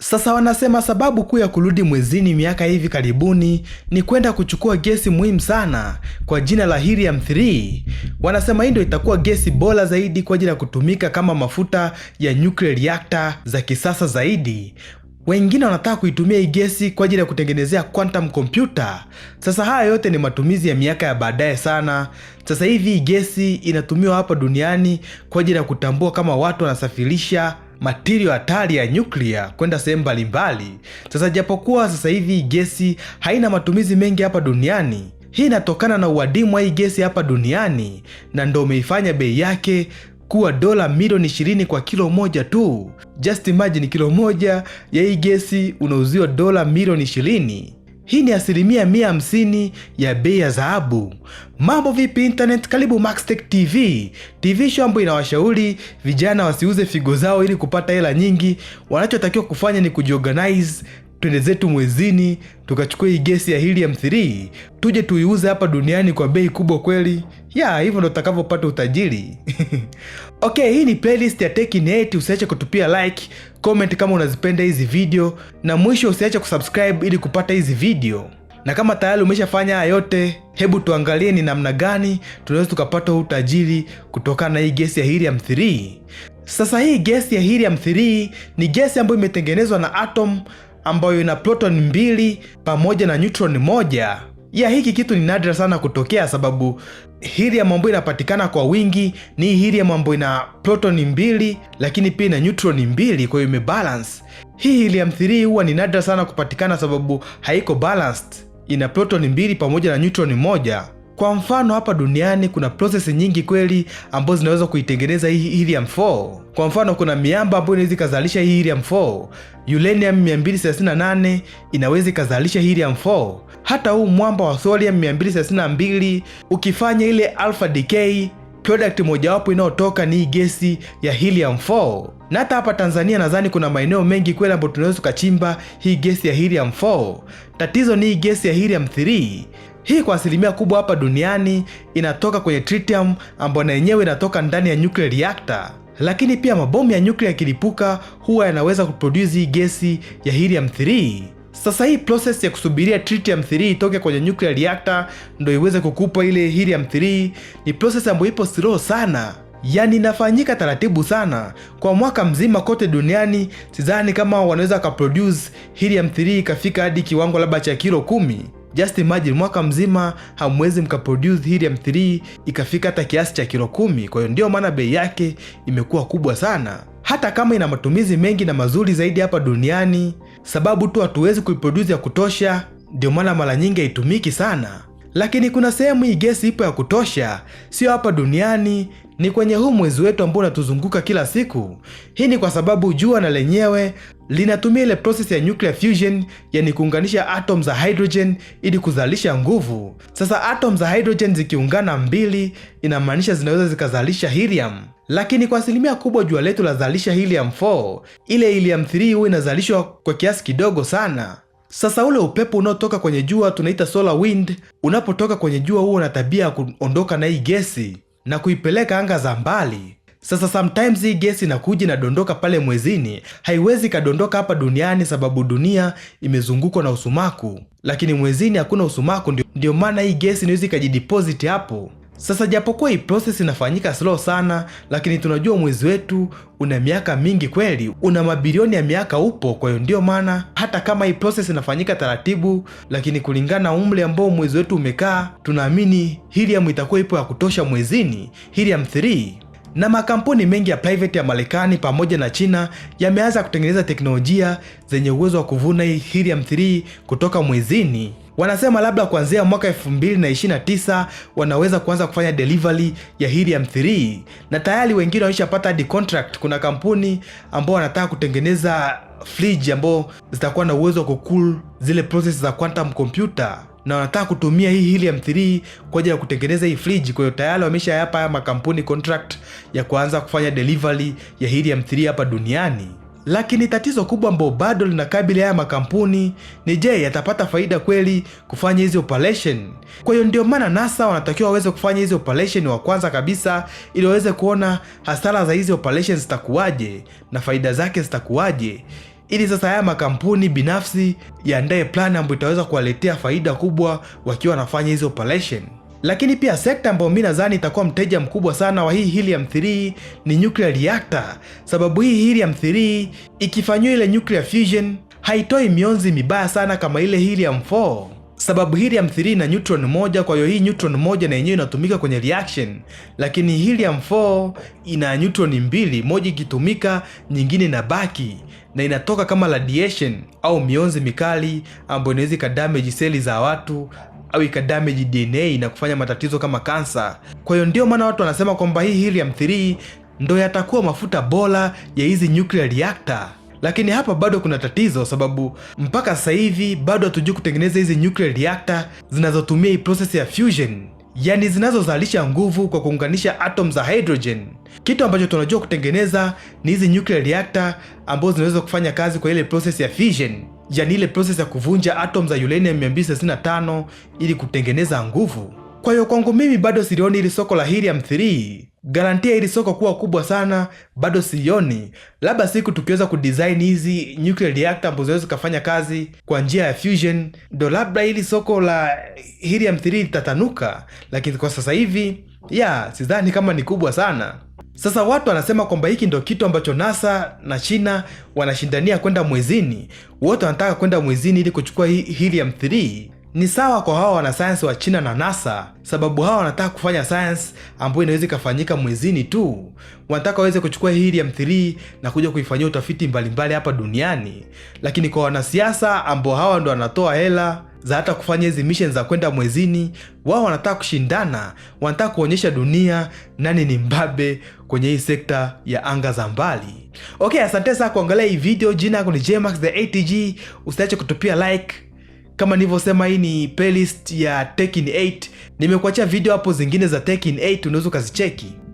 Sasa wanasema sababu kuu ya kurudi mwezini miaka hivi karibuni ni kwenda kuchukua gesi muhimu sana kwa jina la helium-3. Wanasema hii ndio itakuwa gesi bora zaidi kwa ajili ya kutumika kama mafuta ya nuclear reactor za kisasa zaidi. Wengine wanataka kuitumia hii gesi kwa ajili ya kutengenezea quantum computer. Sasa haya yote ni matumizi ya miaka ya baadaye sana. Sasa hivi hii gesi inatumiwa hapa duniani kwa ajili ya kutambua kama watu wanasafirisha matirio hatari ya nyuklia kwenda sehemu mbalimbali. Sasa japokuwa sasa hivi gesi haina matumizi mengi hapa duniani, hii inatokana na uadimu wa hii gesi hapa duniani, na ndo umeifanya bei yake kuwa dola milioni ishirini kwa kilo moja tu. Just imagine kilo moja ya hii gesi unauziwa dola milioni ishirini. Hii ni asilimia mia hamsini ya bei ya dhahabu. Mambo vipi internet, karibu Maxtech TV, TV show ambayo inawashauri vijana wasiuze figo zao ili kupata hela nyingi. Wanachotakiwa kufanya ni kujiorganize twende zetu mwezini tukachukua hii gesi ya helium-3 tuje tuiuze hapa duniani kwa bei kubwa kweli ya hivyo ndo utakavyopata utajiri. Okay, hii ni playlist ya Tech in 8. Usiache kutupia like, comment kama unazipenda hizi video, na mwisho usiache kusubscribe ili kupata hizi video, na kama tayari umeshafanya haya yote, hebu tuangalie ni namna gani tunaweza tukapata huu utajiri kutokana na hii gesi ya helium-3. Sasa hii gesi ya helium-3 ni gesi ambayo imetengenezwa na atom ambayo ina proton mbili pamoja na neutron moja ya hiki kitu ni nadra sana kutokea, sababu helium ambayo inapatikana kwa wingi ni helium ambayo ina proton mbili, lakini pia ina neutron mbili, kwa hiyo imebalance. Hii helium 3 huwa ni nadra sana kupatikana, sababu haiko balanced, ina proton mbili pamoja na neutron moja. Kwa mfano hapa duniani kuna prosesi nyingi kweli ambazo zinaweza kuitengeneza hii helium 4. Kwa mfano kuna miamba ambayo inaweza ikazalisha hii helium 4, uranium 238 inaweza ikazalisha helium 4. Hata huu mwamba wa thorium 232 ukifanya ile alpha decay product mojawapo inayotoka ni gesi ya helium 4 na hata hapa Tanzania nadhani kuna maeneo mengi kweli ambayo tunaweza tukachimba hii gesi ya helium 4. Tatizo ni hii gesi ya helium 3 hii kwa asilimia kubwa hapa duniani inatoka kwenye tritium ambayo na yenyewe inatoka ndani ya nuclear reactor. Lakini pia mabomu ya nyuklia yakilipuka huwa yanaweza kuproduce hii gesi ya helium 3. Sasa hii process ya kusubiria tritium-3 itoke kwenye nuclear reactor ndio iweze kukupa ile helium-3 ni process ambayo ipo slow sana, yaani inafanyika taratibu sana. Kwa mwaka mzima kote duniani sidhani kama wanaweza kaproduce helium-3 ikafika hadi kiwango labda cha kilo kumi. Just imagine mwaka mzima hamwezi mkaproduce helium-3 ikafika hata kiasi cha kilo kumi. Kwa hiyo ndio maana bei yake imekuwa kubwa sana hata kama ina matumizi mengi na mazuri zaidi hapa duniani, sababu tu hatuwezi kuiproduce ya kutosha, ndio maana mara nyingi haitumiki sana. Lakini kuna sehemu hii gesi ipo ya kutosha, sio hapa duniani, ni kwenye huu mwezi wetu ambao unatuzunguka kila siku. Hii ni kwa sababu jua na lenyewe linatumia ile process ya nuclear fusion, yani kuunganisha atom za hydrogen ili kuzalisha nguvu. Sasa atom za hydrogen zikiungana mbili, inamaanisha zinaweza zikazalisha helium, lakini kwa asilimia kubwa jua letu lazalisha helium 4. Ile helium 3 huwa inazalishwa kwa kiasi kidogo sana. Sasa ule upepo unaotoka kwenye jua tunaita solar wind, unapotoka kwenye jua huo una tabia ya kuondoka na hii gesi na kuipeleka anga za mbali. Sasa sometimes hii gesi inakuja inadondoka pale mwezini, haiwezi ikadondoka hapa duniani sababu dunia imezungukwa na usumaku, lakini mwezini hakuna usumaku, ndio maana hii gesi inaweza ikajidipoziti hapo. Sasa japokuwa hii process inafanyika slow sana, lakini tunajua mwezi wetu una miaka mingi kweli, una mabilioni ya miaka upo. Kwa hiyo ndiyo maana hata kama hii process inafanyika taratibu, lakini kulingana na umri ambao mwezi wetu umekaa, tunaamini helium itakuwa ipo ya kutosha mwezini, helium 3 na makampuni mengi ya private ya Marekani pamoja na China yameanza kutengeneza teknolojia zenye uwezo wa kuvuna hii helium 3 kutoka mwezini. Wanasema labda kuanzia mwaka 2029 wanaweza kuanza kufanya delivery ya helium 3 na tayari wengine wameshapata hadi contract. Kuna kampuni ambao wanataka kutengeneza fridge ambao zitakuwa na uwezo wa kucool zile process za quantum computer na wanataka kutumia hii helium 3 kwa ajili ya kutengeneza hii fridge. Kwa hiyo tayari wameshayapa haya makampuni contract ya kuanza kufanya delivery ya helium 3 hapa duniani. Lakini tatizo kubwa ambao bado linakabili haya makampuni ni je, yatapata faida kweli kufanya hizi operation? Kwa hiyo ndio maana NASA wanatakiwa waweze kufanya hizi operation wa kwanza kabisa, ili waweze kuona hasara za hizi operation zitakuwaje na faida zake zitakuwaje, ili sasa haya makampuni binafsi yaandae plani ambayo itaweza kuwaletea faida kubwa wakiwa wanafanya hizi operation. Lakini pia sekta ambayo mimi nadhani itakuwa mteja mkubwa sana wa hii helium 3 ni nuclear reactor, sababu hii helium 3 ikifanyiwa ile nuclear fusion haitoi mionzi mibaya sana kama ile helium 4 sababu helium 3 na neutron moja, kwa hiyo hii neutron moja na yenyewe inatumika kwenye reaction, lakini helium 4 ina neutron mbili, moja ikitumika nyingine inabaki na inatoka kama radiation au mionzi mikali ambayo inaweza ikadamage seli za watu au ikadamage DNA na kufanya matatizo kama kansa. Kwa hiyo ndio maana watu wanasema kwamba hii helium 3 ndo yatakuwa mafuta bora ya hizi nuclear reactor. Lakini hapa bado kuna tatizo, sababu mpaka sasa hivi bado hatujui kutengeneza hizi nuclear reactor zinazotumia hii process ya fusion, yaani zinazozalisha nguvu kwa kuunganisha atom za hydrogen. Kitu ambacho tunajua kutengeneza ni hizi nuclear reactor ambazo zinaweza kufanya kazi kwa ile process ya fission yani ile process ya kuvunja atom za uranium 235 ili kutengeneza nguvu. Kwa hiyo kwangu mimi bado silioni ili soko la helium-3 garantia ili soko kuwa kubwa sana bado sioni. Labda siku tukiweza kudesign hizi nuclear reactor ambazo zinaweza kufanya kazi kwa njia ya fusion, ndo labda ili soko la helium 3 litatanuka, lakini kwa sasa hivi ya sidhani kama ni kubwa sana. Sasa watu wanasema kwamba hiki ndo kitu ambacho NASA na China wanashindania kwenda mwezini. Wote wanataka kwenda mwezini ili kuchukua helium 3. Ni sawa kwa hawa wanasayansi wa China na NASA, sababu hawa wanataka kufanya sayansi ambayo inaweza ikafanyika mwezini tu. Wanataka waweze kuchukua helium 3 na kuja kuifanyia utafiti mbalimbali hapa duniani, lakini kwa wanasiasa ambao hawa ndo wanatoa hela za hata kufanya hizi mishen za kwenda mwezini. Wao wanataka kushindana, wanataka kuonyesha dunia nani ni mbabe kwenye hii sekta ya anga za mbali. ok asante sana kuangalia hii video. Jina yangu ni Jmax the ATG, usiache kutupia like kama nilivyosema, hii ni playlist ya tekin 8. Nimekuachia video hapo zingine za tekin 8 unaweza ukazicheki.